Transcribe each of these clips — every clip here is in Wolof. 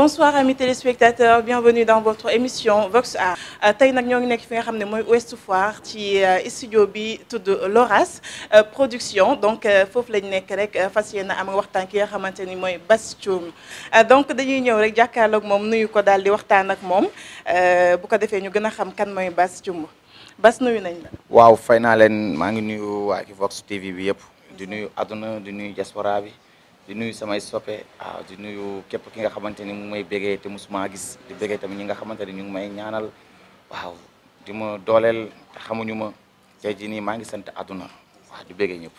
bonsoir amis téléspectateurs bienvenue dans votre émission Vox A euh, tey nag ñoo ngi nekk fi nga xam ne mooy Ouest Foire ci euh, studio bi tudd Loras euh, production donc foofu lañ nekk rek fas yéene am waxtaan ki nga xamante ni mooy Bass Thioung donc dañuy ñëw rek jàkkaarloog moom nuyu ko daal di waxtaan ak moom bu ko defee ñu gën a xam kan mooy Bass Thioung Bass nuyu nañ la. waaw fay naa leen maa ngi nuyu waa Vox TV bi yëpp di nuyu àdduna di nuyu diaspora bi. di nuyu samay soppe waaw di nuyu képp ki nga xamante ni mu may bégee te musuma gis di bégee tamit ñi nga xamante ni ñu ngi may ñaanal waaw di ma dooleel te xamuñu ma tey jii nii maa ngi sant àdduna waaw di bégee ñëpp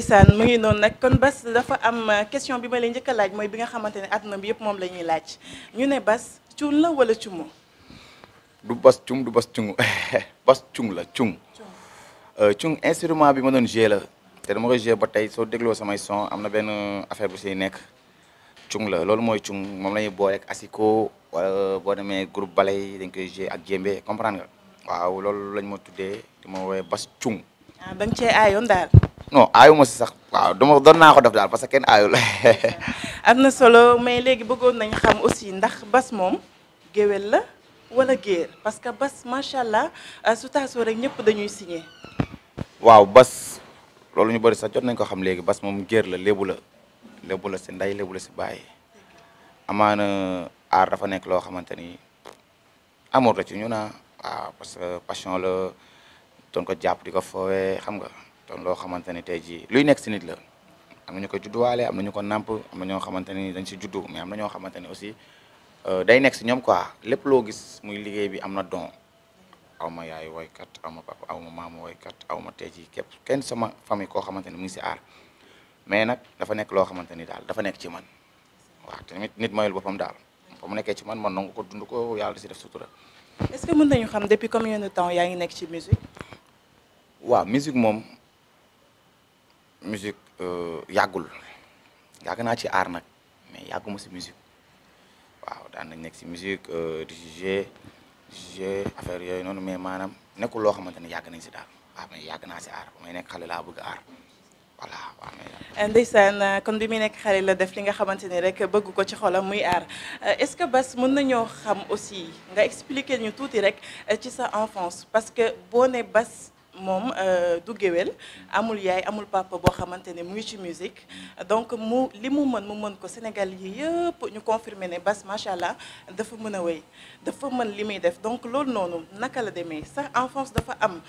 saan mu ngi noonu nag kon Bas dafa am question bi ma lay njëkk laaj mooy bi nga xamante ne àdduna bi yëpp moom la ñuy laaj ñu ne Bas cuun la wala cumu du Bas cum du Bas cungu Bas cung la cung cung euh, instrument bi ma doon joué la te moo koy joué ba tey soo dégloo samay son am na benn affaire bu siy nekk cung la loolu mooy cung moom la boo rek ak asiko wala boo demee groupe balay dañ koy joué ak jéembe comprendre nga waaw loolu lañ ma tuddee di ma woowee bas cung. ah da cee aayoon daal. non aayu ma si sax waaw dama doon naa ko def daal parce que kenn aayul. am na solo mais léegi bëggoon nañ xam aussi ndax bas moom géwél la wala géer parce que bas macha allah euh, su taasoo rek ñëpp dañuy signé. bas. loolu ñu bëri sax jot nañ ko xam léegi bas moom géer la lébu la si nday léebu la si bàyyi amaana aar dafa nekk loo xamante ni amour la ci ñu naa waaw parce que passion la doon ko jàpp di ko foowee xam nga doon loo xamante ni tey jii luy nekk si nit la am na ñu ko judduwaale am na ñu ko nàmp am na ñoo xamante ni dañ si juddu mais am na ñoo xamante ni aussi euh, day nekk si ñoom quoi lépp loo gis muy liggéey bi am na don aw ma yaay woykat aw ma papa aw ma maama woykat aw ma tey jii képp kenn sama famille koo xamante ne mu ngi si aar mais nag dafa nekk loo xamante ni daal dafa nekk ci man waaw te nit nit mayul boppam daal fa mu nekkee ci man man nangu ko dund ko yàlla di def sutura. est-ce nañu xam depuis combien de temps yaa ngi nekk ci musique. waaw musique moom musique euh, yàggul yàgg naa ci aar nag mais yàgguma si musique waaw daan nekk si musique euh, di jugé. jeu affaire yooyu noonu mais maanaam nekkul loo xamante ne yàgg nañ si daal waaw mais yàgg naa si aar may nekk xale laa bëgg aar voilà waaw mais euh, ndeysaan kon euh, bi muy nekk xale la def li nga xamante ni rek bëggu ko ci xolam muy aar euh, est-ce que Bass mën nañoo xam aussi nga expliquer ñu tuuti rek ci sa enfance parce que boo ne Bass moom euh, du géwél amul yaay amul papa boo xamante ne mu ngi ci musique donc mu li mu mën mu mën ko Sénégal yi yëpp ñu confirmer ne Bass macha allah dafa mën a wéy dafa mën li muy def donc loolu noonu naka la demee sax enfance dafa am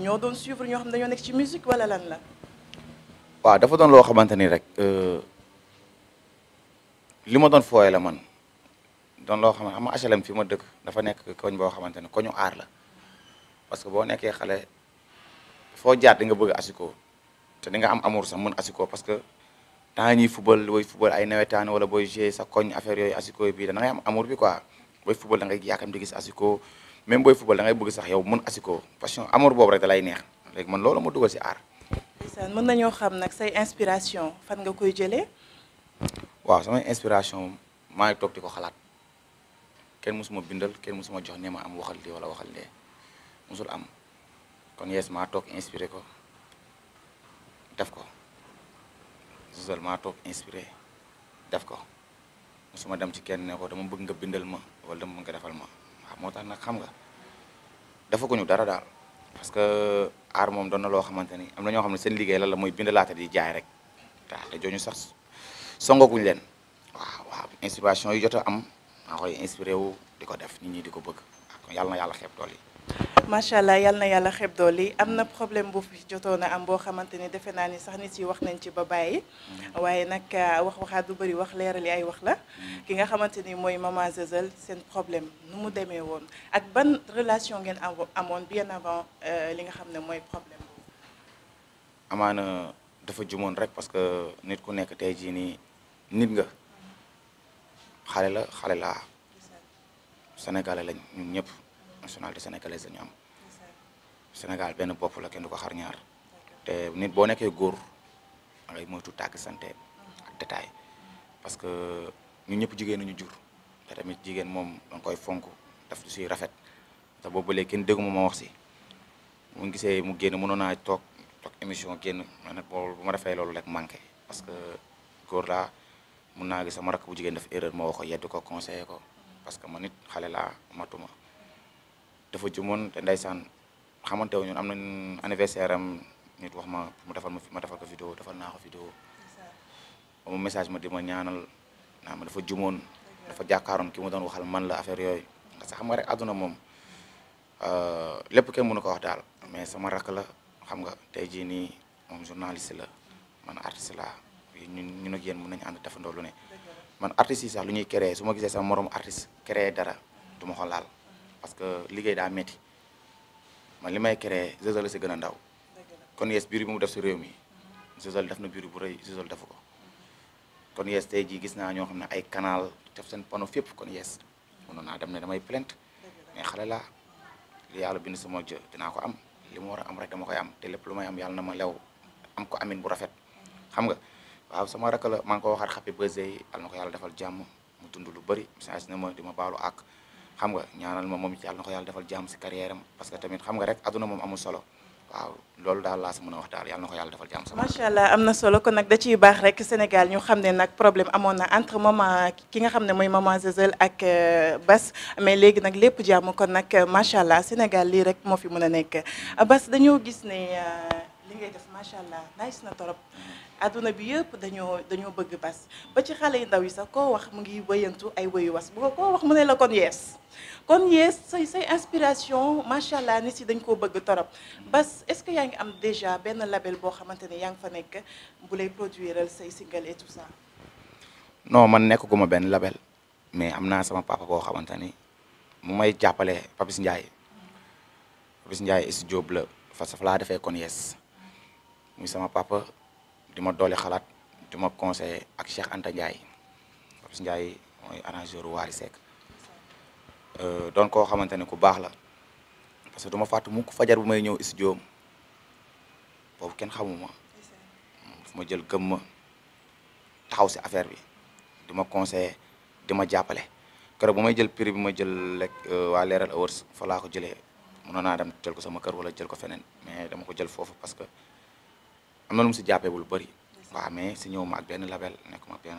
ñoo doon suivre ñoo xam ne dañoo nekk ci musique wala lan la. waaw dafa doon loo xamante ni rek euh, li ma doon fooyee la man doon loo xam ne xam nga HLM fi ma dëkk dafa nekk koñ boo xamante ne koñu aar la parce que boo nekkee xale. foo jaar di nga bëgg asiko te di nga am amour sax mën asiko parce que temps ñuy football booy football ay nawetaan wala booy jouer sa koñ affaire yooyu assiko bi da ngay am amour bi ko booy football da ngay yaakam di gis asiko même booy football da ngay bëgg sax yow mën asiko passion amur boobu rek da lay neex rek man loolu ma dugal si aar. ndeysaan mën nañoo xam nag say inspiration fan nga koy jëlee. waaw samay inspiration maa ngi toog di ko xalaat kenn mësuma bindal kenn mësuma jox ne ma am waxal lii wala waxal lee mësul am. kon yees maa toog inspiré ko def ko zusal toog inspiré def ko musuma dem ci kenn ne ko dama bëgg nga bindal ma wala dama bëgg nga defal ma moo tax nag xam nga dafa ko ñu dara daal parce que aar moom doon loo xamante ni am na ñoo xam ne seen liggéey lal la mooy bindalaate di jaay rek waaw te jooñu sax songaguñ leen waaw waaw inspiration yu jot a am maa koy inspiré wu di ko def nit ñi di ko bëgg yàlla na yàlla xeeb dool yi macha allah yal na yàlla xeb doole am na problème bu fi jotoon am boo xamante ni defe naa ni sax nit yi wax nañ ci ba bàyyi mm. waaye nag ah, wax waxaat du bëri wax leerali ay wax la mm. ki nga xamante ni mooy maman Zezel seen problème nu mu demee woon ak ban relation ngeen amoon bien avant euh, li nga xam ne mooy problème amaana dafa jumoon rek parce que nit ku nekk te jii nii nit nga mm-hmm. xale la xale laa sénégalais lañ ñun nationalité sénégalaise dañu am Sénégal benn bopp la kenn du ko xar ñaar te nit boo nekkee góor dangay moytu tàgg santé ak détail parce que ñun ñëpp jigéen nañu jur te tamit jigéen moom danga koy fonk daf du siy rafet te boobu léegi kenn déggu ma ma wax si mu gisee mu génn mënoon naa toog toog émission génn ma nag bu ma defee loolu rek manqué parce que góor laa mun naa gis sama rakk bu jigéen def erreur moo wax ko yedd ko conseillé ko parce que man nit xale laa matuma dafa jumoon te ndaysaan xamante wu ñun am na anniversaire am nit wax ma mu defal ma ma defal ko vidéo defal naa ko vidéo ba message ma di ma ñaanal naa ma dafa jumoon dafa jàkkaaroon ki mu doon waxal man la affaire yooyu parce que xam nga rek àdduna moom euh, lépp kenn mënu ko wax daal mais sama rakk la xam nga tey jii nii moom journaliste la man artiste la ñun ñun ak mun mën nañu ànd defandoo lu ne man artiste yi sax lu ñuy créer su ma gisee sax moroom artiste créer dara du ma laal parce que liggéey daa metti ma li may créé Zezel si gën a ndaw kon yes biir bi mu def si réew mi Zezel def na biir bu rëy Zezel defu kon yes tey jii gis naa ñoo xam ne ay canal def seen panneau fépp kon yes mënoon naa dem ne damay plainte mais xale laa li yàlla bind sama jë dinaa ko am li mu war a am rek dama koy am te lépp lu may am yàlla na ma lew am ko amin bu rafet xam nga waaw sama rakk la maa ngi ko waxaat xappi bese yi yàlla na ko yàlla defal jàmm mu dund lu bëri message na ma di ma baalu àq xam nga ñaanal ma moom ci na ko yàlla defal jàmm si carrière am parce que tamit xam nga rek aduna moom amul solo waaw a wax daal allah am na solo kon nag da ciy baax rek Sénégal ñu xam ne nag problème amoon na entre maman ki nga xam ne mooy maman Zezel ak euh, Bass mais léegi nag lépp jàmm kon nag euh, macha allah Sénégal lii rek moo fi mën a nekk Bass dañoo gis ne euh, li def macha allah nice na torop adduna bi yëpp dañoo dañoo bëgg bas ba ci xale yi ndaw yi sax koo wax mu ngi wëyantu ay wëyu was bu ko wax mu ne la kon yees kon yees say say inspiration macha allah nit yi dañ koo bëgg torop bas est-ce que yaa ngi am déjà benn label boo xamante ne yaa ngi fa nekk bu lay produiral say single et tout ça. non man nekk gu ma benn label mais am naa sama papa boo xamante ni mu may jàppale Papis Ndiaye Papis Ndiaye studio bleu fa sax laa defee kon yees. muy sama papa di ma doole xalaat di ma conseiller ak Cheikh Anta Ndiaye Ndiaye mooy arrangeur Wally Seck euh, doon koo xamante ne ku baax la parce que du ma fàtte mukk fajar bu may ñëw studio am boobu kenn xamuma fu ma jël gëm ma taxaw si affaire bi di ma conseiller di ma jàppale keroog bu may jël prix bi ma jël lekk euh, waa Leral Awards fa laa ko jëlee mënoon naa dem jël ko sama kër wala jël ko feneen mais dama ko jël foofu parce que am na lu mu si jàppeewul bëri waaw mais si ñëw ma ak benn label nekkuma ak benn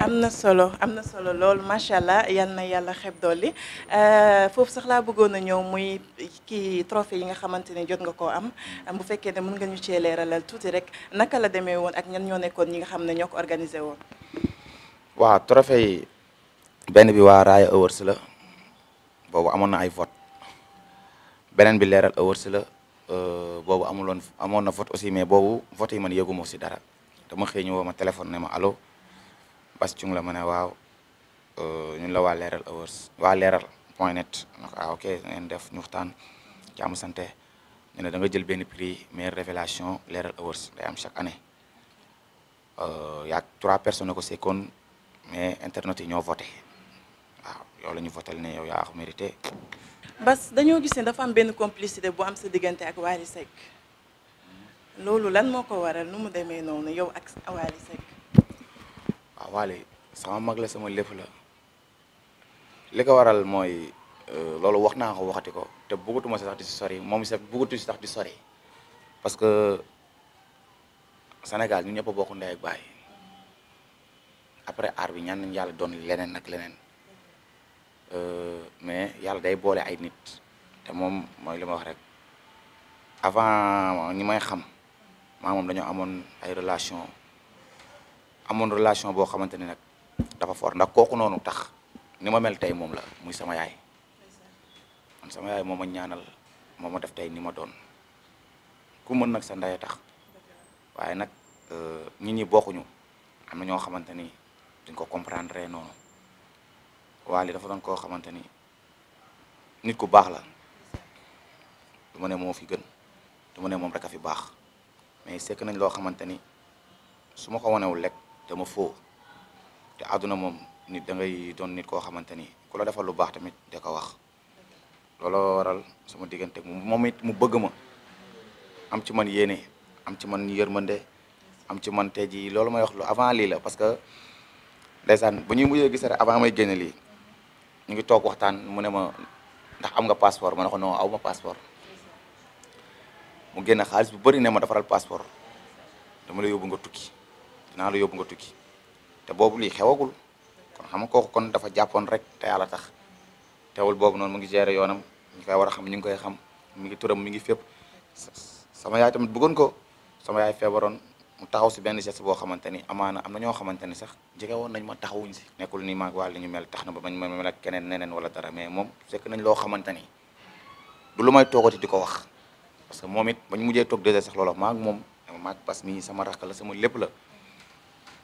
am na solo am na solo lool macha allah yal na yàlla xeb dolli euh, foofu sax laa bëggoon a ñëw muy kii trophée yi nga xamante ne jot nga koo am bu fekkee ne mën nga ñu cee leeralal tuuti rek naka la demee woon ak ñan ñoo nekkoon ñi nga xam ne ñoo ko organisé woon. waaw trophée benn bi waa Raaya Awards la boobu amoon na ay vote beneen bi leeral Awards la. Euh, boobu amuloon amoon na vote aussi mais boobu vote yi man yëguma si dara dama xëy ñu woo ma téléphone ne ma allo Bass Thioung la ma ne waaw euh, ñun la waa leeral Awards waa leeral point net donc ah ok ngeen def ñu waxtaan ci am sante ñu ne da nga jël benn prix mais révélation leeral Awards day am chaque année euh, yaa trois personnes ko sekkoon mais internet yi ñoo voté waaw yow la ñu votel ne yow yaa ko Bas dañoo gis ne dafa am benn complicité bu am sa diggante ak Wally Seck loolu lan moo ko waral nu mu demee noonu yow ak Wally Seck. waaw ah, Wally sama mag la sama lépp li ko waral mooy euh, loolu wax naa ko waxati ko te bëggatuma si sax di sori moom sax bëggatu si sax di sori parce que Sénégal ñu ñëpp a bokk ndey ak après aar bi ñaan nañu yàlla doon leneen ak leneen. Euh, mais yàlla day boole ay nit te moom mooy li ma wax rek avant ni may xam maa moom dañoo amoon ay relation amoon relation boo xamante ni nag dafa fort ndax kooku noonu tax ni ma mel tey moom la muy sama yaay man sama yaay moo ma ñaanal moom ma def tey ni ma doon ku mën nag sa ndey tax waaye nag euh, nit ñi bokkuñu am na ñoo xamante ni duñ ko comprendre noonu Wally dafa doon koo xamante ni nit ku baax la du ma ne moo fi gën duma ne moom rek a fi baax mais sekk nañ loo xamante ni su ma ko wanewul lekk dama foo te àdduna moom nit da ngay doon nit koo xamante ni ku la defal lu baax tamit de ko wax looloo waral suma diggante moom it mu bëgg ma am ci man yéene am ci man yërmande am ci man tey jii loolu may wax lu avant lii la parce que ndeysaan bu ñuy mujjee gis avant may génne lii ñu ngi toog waxtaan mu ne ma ndax am nga passeport ma ne ko non aw ma passeport mu a xaalis bu bëri ne ma defaral passeport dama la yóbbu nga tukki dinaa lu yóbbu nga tukki te boobu lii xewagul kon xam nga kon dafa jàppoon rek te yàlla tax teewul boobu noon mu ngi gérer yoonam ñu koy a xam ñu ngi koy xam mi ngi turam mi ngi fépp sama yaay tamit bëggoon ko sama yaay feebaroon mu taxaw si benn geste boo xamante ni amaana am na ñoo xamante ni sax jege woon nañ ma taxawuñ si nekkul ni maag waa li ñu mel tax na ba mañ ma mel a keneen neneen wala dara mais moom fekk nañ loo xamante ni du lu may toogati di ko wax parce que moom it bañ mujjee toog dèjà sax loolu maag moom maag bas mi sama rakk la sama lépp la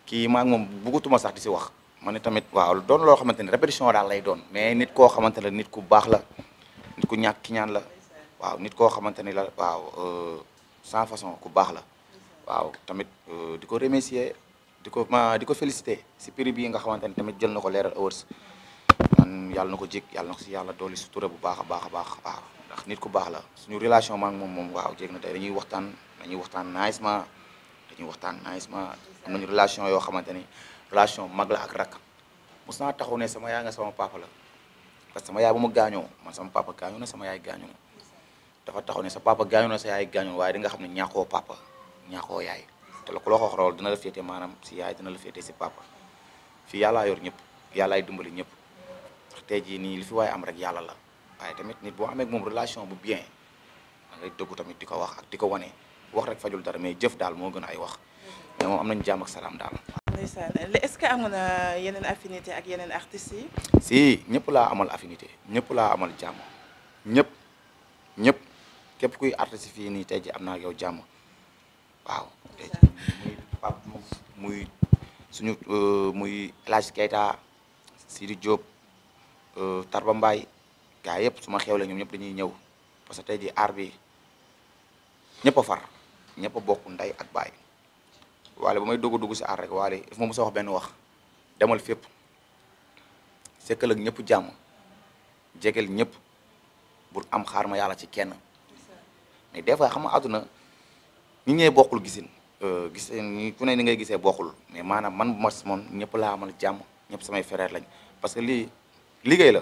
kii maag moom bëggatuma sax di si wax ma ne tamit waaw doon loo xamante ni répétition daal lay doon mais nit koo xamante la nit ku baax la nit ku ñàkk ki ñaan la waaw nit koo xamante ni la waaw euh, sans façon ku baax la waaw tamit euh, di ko remercier di ko ma di ko féliciter si prix bii nga xamante ne tamit jël na ko Leral Awards man yàlla na ko jik yàlla na ko si yàlla dooli sutura bu baax a baax a baax waaw nit ku baax la suñu relation maak moom moom waaw jéeg na tey dañuy waxtaan dañuy waxtaan naajement dañuy waxtaan naajement am nañu relation yoo xamante ni relation mag la ak rak mos naa taxaw ne sama yaay nga sama papa la parce que sama yaay bu ma gaañoo man sama papa gaañoo na sama yaay gaañoo na dafa taxaw ne sa papa gaañoo na sa yaay gaañoo waaye di nga xam ne ñàkkoo papa ñaaxoo yaay te la ku la xoox loolu la féete maanaam si yaay dina la féete si papa fii yàllaa yor ñëpp yàllaay dimbali ñëpp ndax tey jii nii li fi waaye am rek yàlla la waaye tamit nit boo amee moom relation bu bien da ngay tamit di ko wax ak di ko wane wax rek fajul dara mais jëf daal moo gën ay wax mais moom am nañu jàmm salaam daal. ndeysaan est-ce que amoon na yeneen affinité ak yeneen artistes si ñëpp laa amal affinité ñëpp laa amal jàmm ñëpp ñëpp képp kuy artiste fii nii tey ji am naa yow jàmm. waaw. muy Pape muy suñu euh, muy El Hadj Keita euh, Tarba mbaay gars yëpp su ma xewlee ñoom ñëpp dañuy ñëw parce que tey jii aar bi ñëpp a far ñëpp a bokk nday ak baay waale ba may dugg dugg si aar rek waale daf ma mos wax benn wax demal fépp sekkal ak ñëpp jàmm jegel ñëpp bul am xaar ma yàlla ci kenn mais des xam nga àdduna ñi ñee bokkul gisin euh, gis ku ne ni ngay gisee bokkul mais maanaam man bu ma moon ñëpp laa amal jàmm ñëpp samay frère lañ parce que lii liggéey la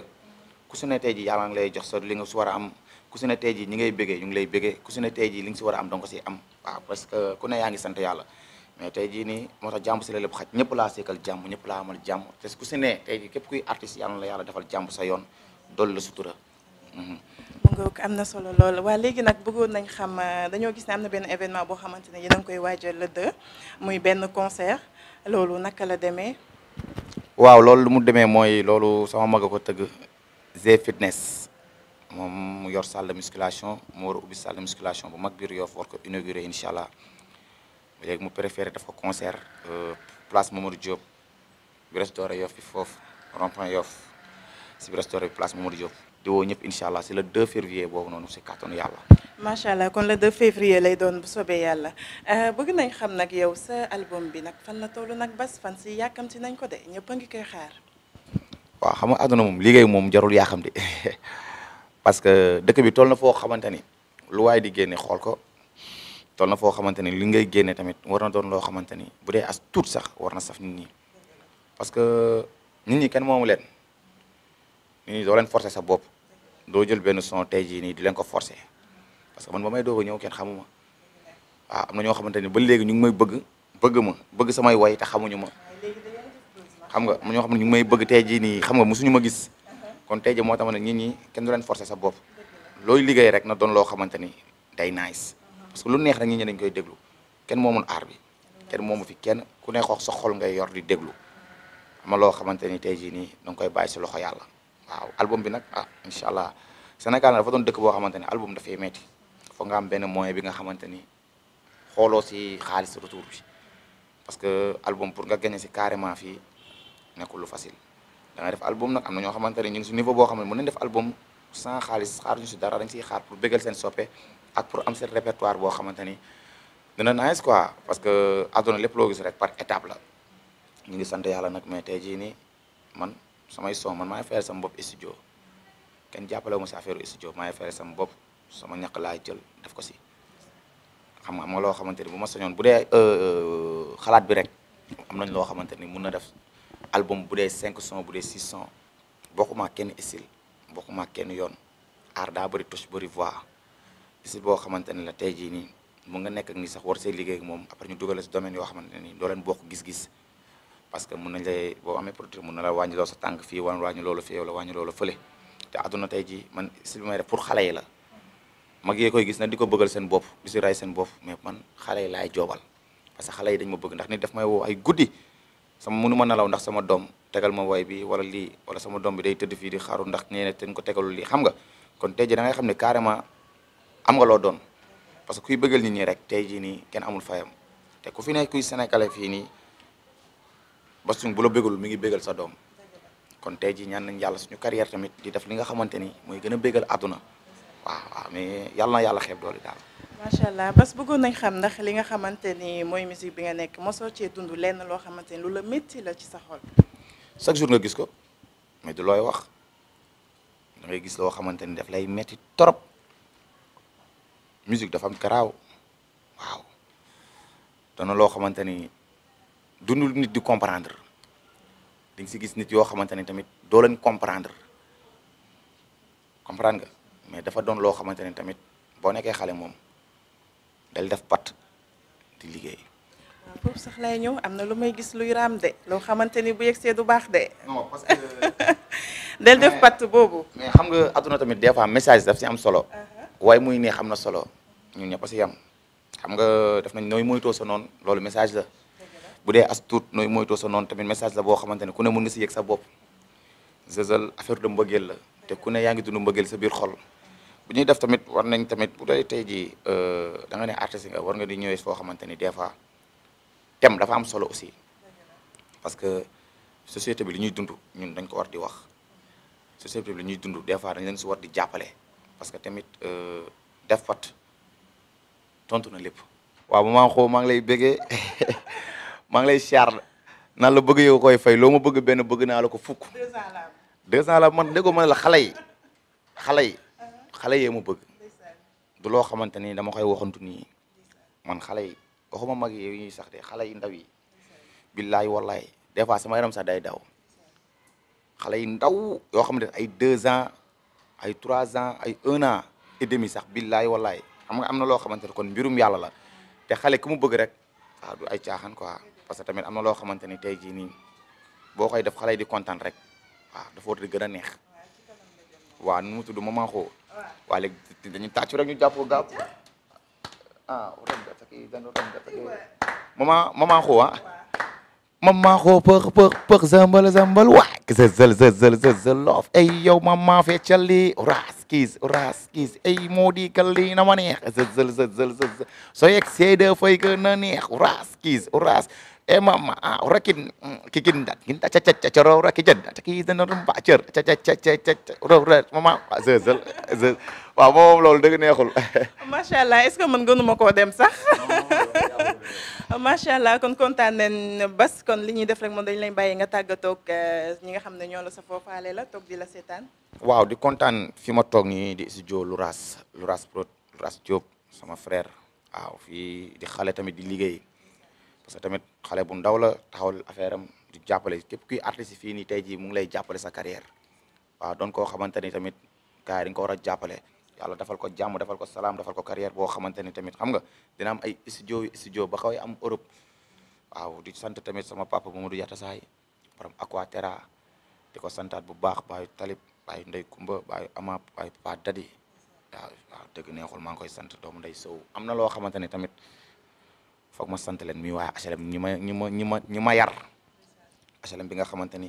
ku su ne tey ji yàlla ngi lay jox sa li nga si war a am ku su ne tey ji ñi ngay lay bëggee ku su ne li nga si a am donc si am waaw parce que ku ne yaa ngi sant yàlla mais tey jii nii moo tax jàmm si la lépp xaj ñëpp laa seekal jàmm ñëpp laa amal jàmm te ku su ne tey képp kuy artiste yàlla la yàlla defal jàmm sa yoon dool la sutura mu ngoog am na solo lool waa léegi nag bëggoon nañ xam euh, dañoo gis ne am na benn événement boo xamante ne yéen a koy waajal le deux muy benn concert loolu naka la demee. waaw loolu lu mu demee mooy loolu sama mag a ko tëgg G fitness moom mu yor salle de musculation mu war a ubbi salle de musculation bu mag biir Yoff war ko inauguré incha allah léegi mu préféré def ko concert euh, place Mamadou Diop bi restauré Yoff bi foofu rond-point Yoff si bi restauré bi place di woo ñëpp incha allah si le 2 février boobu noonu si kàttanu yàlla. macha allah kon le 2 février lay doon bu soobee yàlla euh, bëgg nañ xam nag yow sa album bi nag fan la toll nag bas fan si yàkkamti nañ ko de ñëpp a ngi koy xaar. waaw xam nga àdduna moom liggéey moom jarul de parce que dëkk bi toll na foo xamante ni lu waaye di génne xool ko toll na foo xamante ni li ngay génne tamit war na doon loo xamante ni bu dee as tuut sax war na saf nit ñi parce que nit ñi kenn moomu leen. nii doo leen forcer sa bopp doo jël benn son tey jii nii di leen ko forcer parce que man ba may doog a ñëw kenn xamuma waaw ah, am na ñoo xamante ni ba léegi ñu ngi may bëgg bëgg ma bëgg samay way te xamuñu ma xam nga ñoo xam ne ñu ngi may bëgg tey jii nii xam nga mosuñu ma gis kon tey jii moo tax na ne nit kenn du leen forcer sa bopp looy liggéey rek na doon loo xamante ni day nice parce lu neex rek nit ñi dañ koy déglu kenn moomul aar bi kenn moomu fi kenn ku ne xoox sa ngay yor di déglu ama loo xamante ni tey jii nii danga koy bàyyi loxo yàlla waaw album bi nag a ah, incha allah Sénégal dafa doon dëkk boo xamante ni album dafay metti foog nga am benn moyen bi nga xamante ni xooloo si xaalis retour bi parce que album pour nga gagné si carrément fii nekkul lu facile da ngay def album nag am na ñoo xamante ni ñu ngi si niveau boo xam ne mën nañ def album sans xaalis xaar ñu si dara dañ siy xaar pour bëggal seen soppe ak pour am seen répertoire boo xamante ni dina nice quoi parce que àdduna lépp loo gis rek par étape la ñu ngi sant yàlla nag mais tey jii nii man. samay son man maay fayal sama bopp studio kenn jàppale ma si affaire studio maay fayal sama bopp sama ñaq laa jël def ko si xam nga am loo xamante ni bu ma sañoon bu dee euh, euh, xalaat bi rek am nañ loo xamante ni mun na def album bu dee cinq son bu dee six son bokkuma kenn style bokkuma kenn yoon aar daa bëri touche bëri voix style boo xamante ni la tey jii nii mun nga nekk ak sax war see liggéey ak moom après ñu dugale si domaine yoo xamante ne nii doo leen bokk gis-gis parce que mun nañ lay boo amee produit mun na la wàññi loolu sa tànk fii wala wàññi loolu fii wala wàññi loolu fële te àdduna tey ji man si may def pour xale yi la mag yee koy gis na di ko bëggal seen bopp di seen bopp mais man xale yi laay joobal parce que xale yi dañ ma bëgg ndax nit daf may woo ay guddi sama mënu ma nelaw ndax sama doom tegal ma way bi wala lii wala sama doom bi day tëdd fii di xaaru ndax ñee ne ten ko tegalu li xam nga kon tey ji da xam ne carrément am nga loo doon parce que kuy bëggal nit ñi rek tey ji nii kenn amul fayam te ku fi ne kuy sénégalais fii nii ba suñ bu la mi ngi bégal sa doom kon tey ji ñaan nañ yàlla suñu carrière tamit di def li nga xamante ni mooy gën a bégal àdduna waaw waaw mais yàlla na yàlla xeeb macha allah bas bëggoon nañ xam ndax li nga xamante ni mooy musique bi nga nekk mosoo cee dund lenn loo xamante ni lu la métti la ci sa xol chaque jour nga gis ko mais looy wax da gis loo xamante ni daf lay métti trop musique dafa am garaaw waaw dana loo xamante dundul nit di comprendre di nga si gis nit yoo xamante ne tamit doo leen comprendre comprendre nga mais dafa doon loo xamante ne tamit boo nekkee xale moom dal def pat di liggéey. waaw sax lay ñëw am na lu may gis luy raam de loo xamante ni bu yegsee du baax de. non parce que. del def patt boobu. mais xam nga adduna tamit des fois message daf si am solo. Uh-huh. waaye muy ne xam na solo ñu ñëpp si yam xam nga def nañ nooy moytoo sa noonu loolu message la. bu dee as tuut nooy moytoo sa noonu tamit message la boo xamante ne ku ne mun nga si yëg sa bopp Zezel affaire de mbëggeel la te ku ne yaa ngi dund mbëggeel sa biir xol bu ñuy def tamit war nañ tamit bu dee tey jii euh, da nga ne artiste nga war nga di ñëwee foo xamante ni des fois thème dafa am solo aussi parce que société bi li ñuy dund ñun dañ ko war di wax société bi ñuy dund des fois dañ leen si war di jàppale parce que tamit euh, def pat tontu na lépp. waaw maman xoo maa ngi lay bëggee. maa ngi lay siyaar naan la bëgg yow koy fay loo ma bëgg benn bëgg naa la ko fukk. deux ans la man déggoo ma la xale yi xale yi xale yee ma bëgg du loo xamante ni dama koy waxantu nii man xale yi waxuma mag yi ñuy sax de xale yi ndaw yi billaay wallaay des fois sama yaram sax day daw xale yi ndaw yoo xam ne ay deux ans ay trois ans ay un an et sax billaay wallaay xam nga am na loo xamante ne kon mbirum yàlla la te xale ku mu bëgg rek waaw ah ay caaxaan quoi parce que tamit am na loo xamante ni tey jii nii boo koy def xale di kontaan rek a dafa war di gën a neex waaw nu mu tudd xoo waaw léegi xoo ah maman ah. zambal zambal waay sa zël zël zël loof ay yow maman feccal li ras kiis ras kiis ay moo di na ma neex zël zël zël zël zël soo yegg fay gën a neex ras kiis ras emam urakin kikin dat kinta cacat cacat ora kijan caki dan ora bacer cacat cacat cacat ora ora mama zezel zel waaw moom loolu dëgg neexul macha allah est-ce que mën gënuma koo dem sax macha allah kon kontaan nañ bas kon li ñuy def rek moom dañ lay bàyyi nga tàggatoog ñi nga xam ne ñoo la sa foofaale la toog di la seetaan waaw di kontaan fi ma toog nii di studio Louras Louras Prod Louras Diop sama frère waaw fii di xale tamit di liggéey sa tamit xale bu ndaw la taxawal affaire am di jàppale képp kuy artiste fii nii tey jii mu ngi lay jàppale sa carrière waaw don koo xamante ni tamit ka yi ko war a jàppale yàlla dafal ko jàmm dafal ko salaam dafal ko carrière boo xamante ni tamit xam nga dina am ay studio studio ba xaw am Europe waaw di sant tamit sama papa Mamadou Yatta Saay borom Aquaterra di ko santaat bu baax baayu Talib baayu Ndey Kumba baayu Ama baayu Papa Dadi waaw waaw maa ngi koy sant doomu Ndey Sow am na loo xamante ni tamit foog ma sant leen muy waa HLM ñi ma ñi ma ñi ma ma yar bi nga xamante ni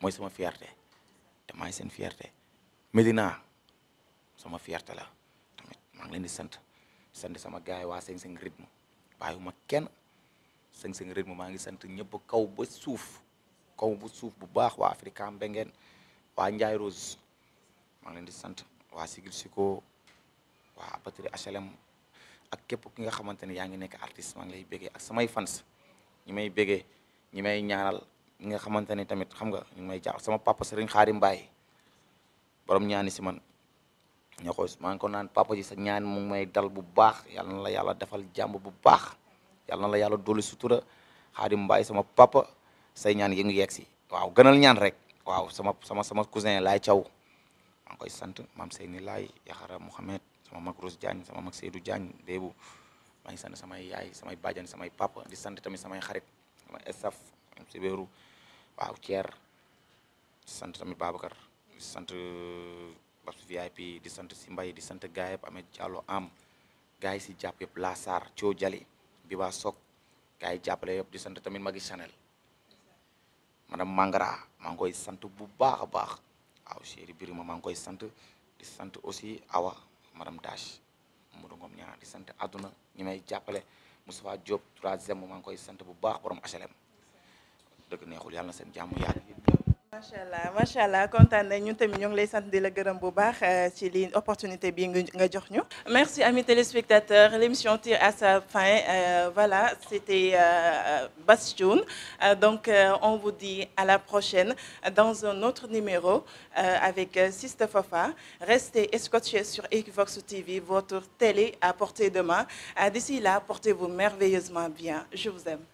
mooy sama fierté te maay seen fierté Medina sama fierté la tamit maa ngi leen di sant sant sama gars waa Seng Seng rythme bàyyiwuma kenn Seng Seng rythme maa ngi sant ñëpp kaw ba suuf kaw ba suuf bu baax waa Africa Mbengeen waa Ndiaye Rose maa ngi leen di sant waa Sigil Siko waa Batterie HLM. ak képp ki nga xamante ne yaa ngi nekk artiste maa ngi lay bégee ak samay fans ñi may bégee ñi may ñaanal ñi nga xamante ne tamit xam nga ñu may jaaw sama papa Serigne Xaarim Mbaye borom ñaani si man ñoo ko maa ko naan papa ji sa ñaan moom may dal bu baax yàlla na la yàlla defal jàmb bu baax yàlla na la yàlla dolli sutura Xaarim Mbaye sama papa say ñaan yi ngi yegg si waaw gënal ñaan rek waaw sama cousin laay caw maa koy sant maam Seyni Laay Yaxara Mouhamed sama mag Rose Diagne sama mag Seydou Diagne beebu maa ngi sant samay yaay samay bàjjan samay papa di sant tamit samay xarit sama staff si sant tamit Babacar di sant si euh, mbay di sant gaay yëpp Ameth Diallo am gaay si jàpp yëpp Lassar Thio Jali Biba Sok gaay jàppale yëpp di sant tamit Magui Chanel madame Mangara maa ngi koy sant bu baax a baax waaw chéri Birima maa ngi koy sant di sant aussi Awa madame Dash Modou Ngom ñaa di sant àdduna ñi may jàppale Moustapha Diop troisième maa ngi koy sant bu baax borom HLM dëgg neexul yàlla seen jàmm yàgg macha allah macha allah kontaan nañ ñun tamit ñoo ngi lay sant di la gërëm bu baax euh, ci li opportunité bi nga jox ñu. merci amis téléspectateurs l'émission tire à sa fin euh, voilà c'était euh, Bastion donc on vous dit à la prochaine dans un autre numéro avec Sista Fafa restez scotchés sur Equivox TV votre télé à portée de main d'ici là portez-vous merveilleusement bien je vous aime.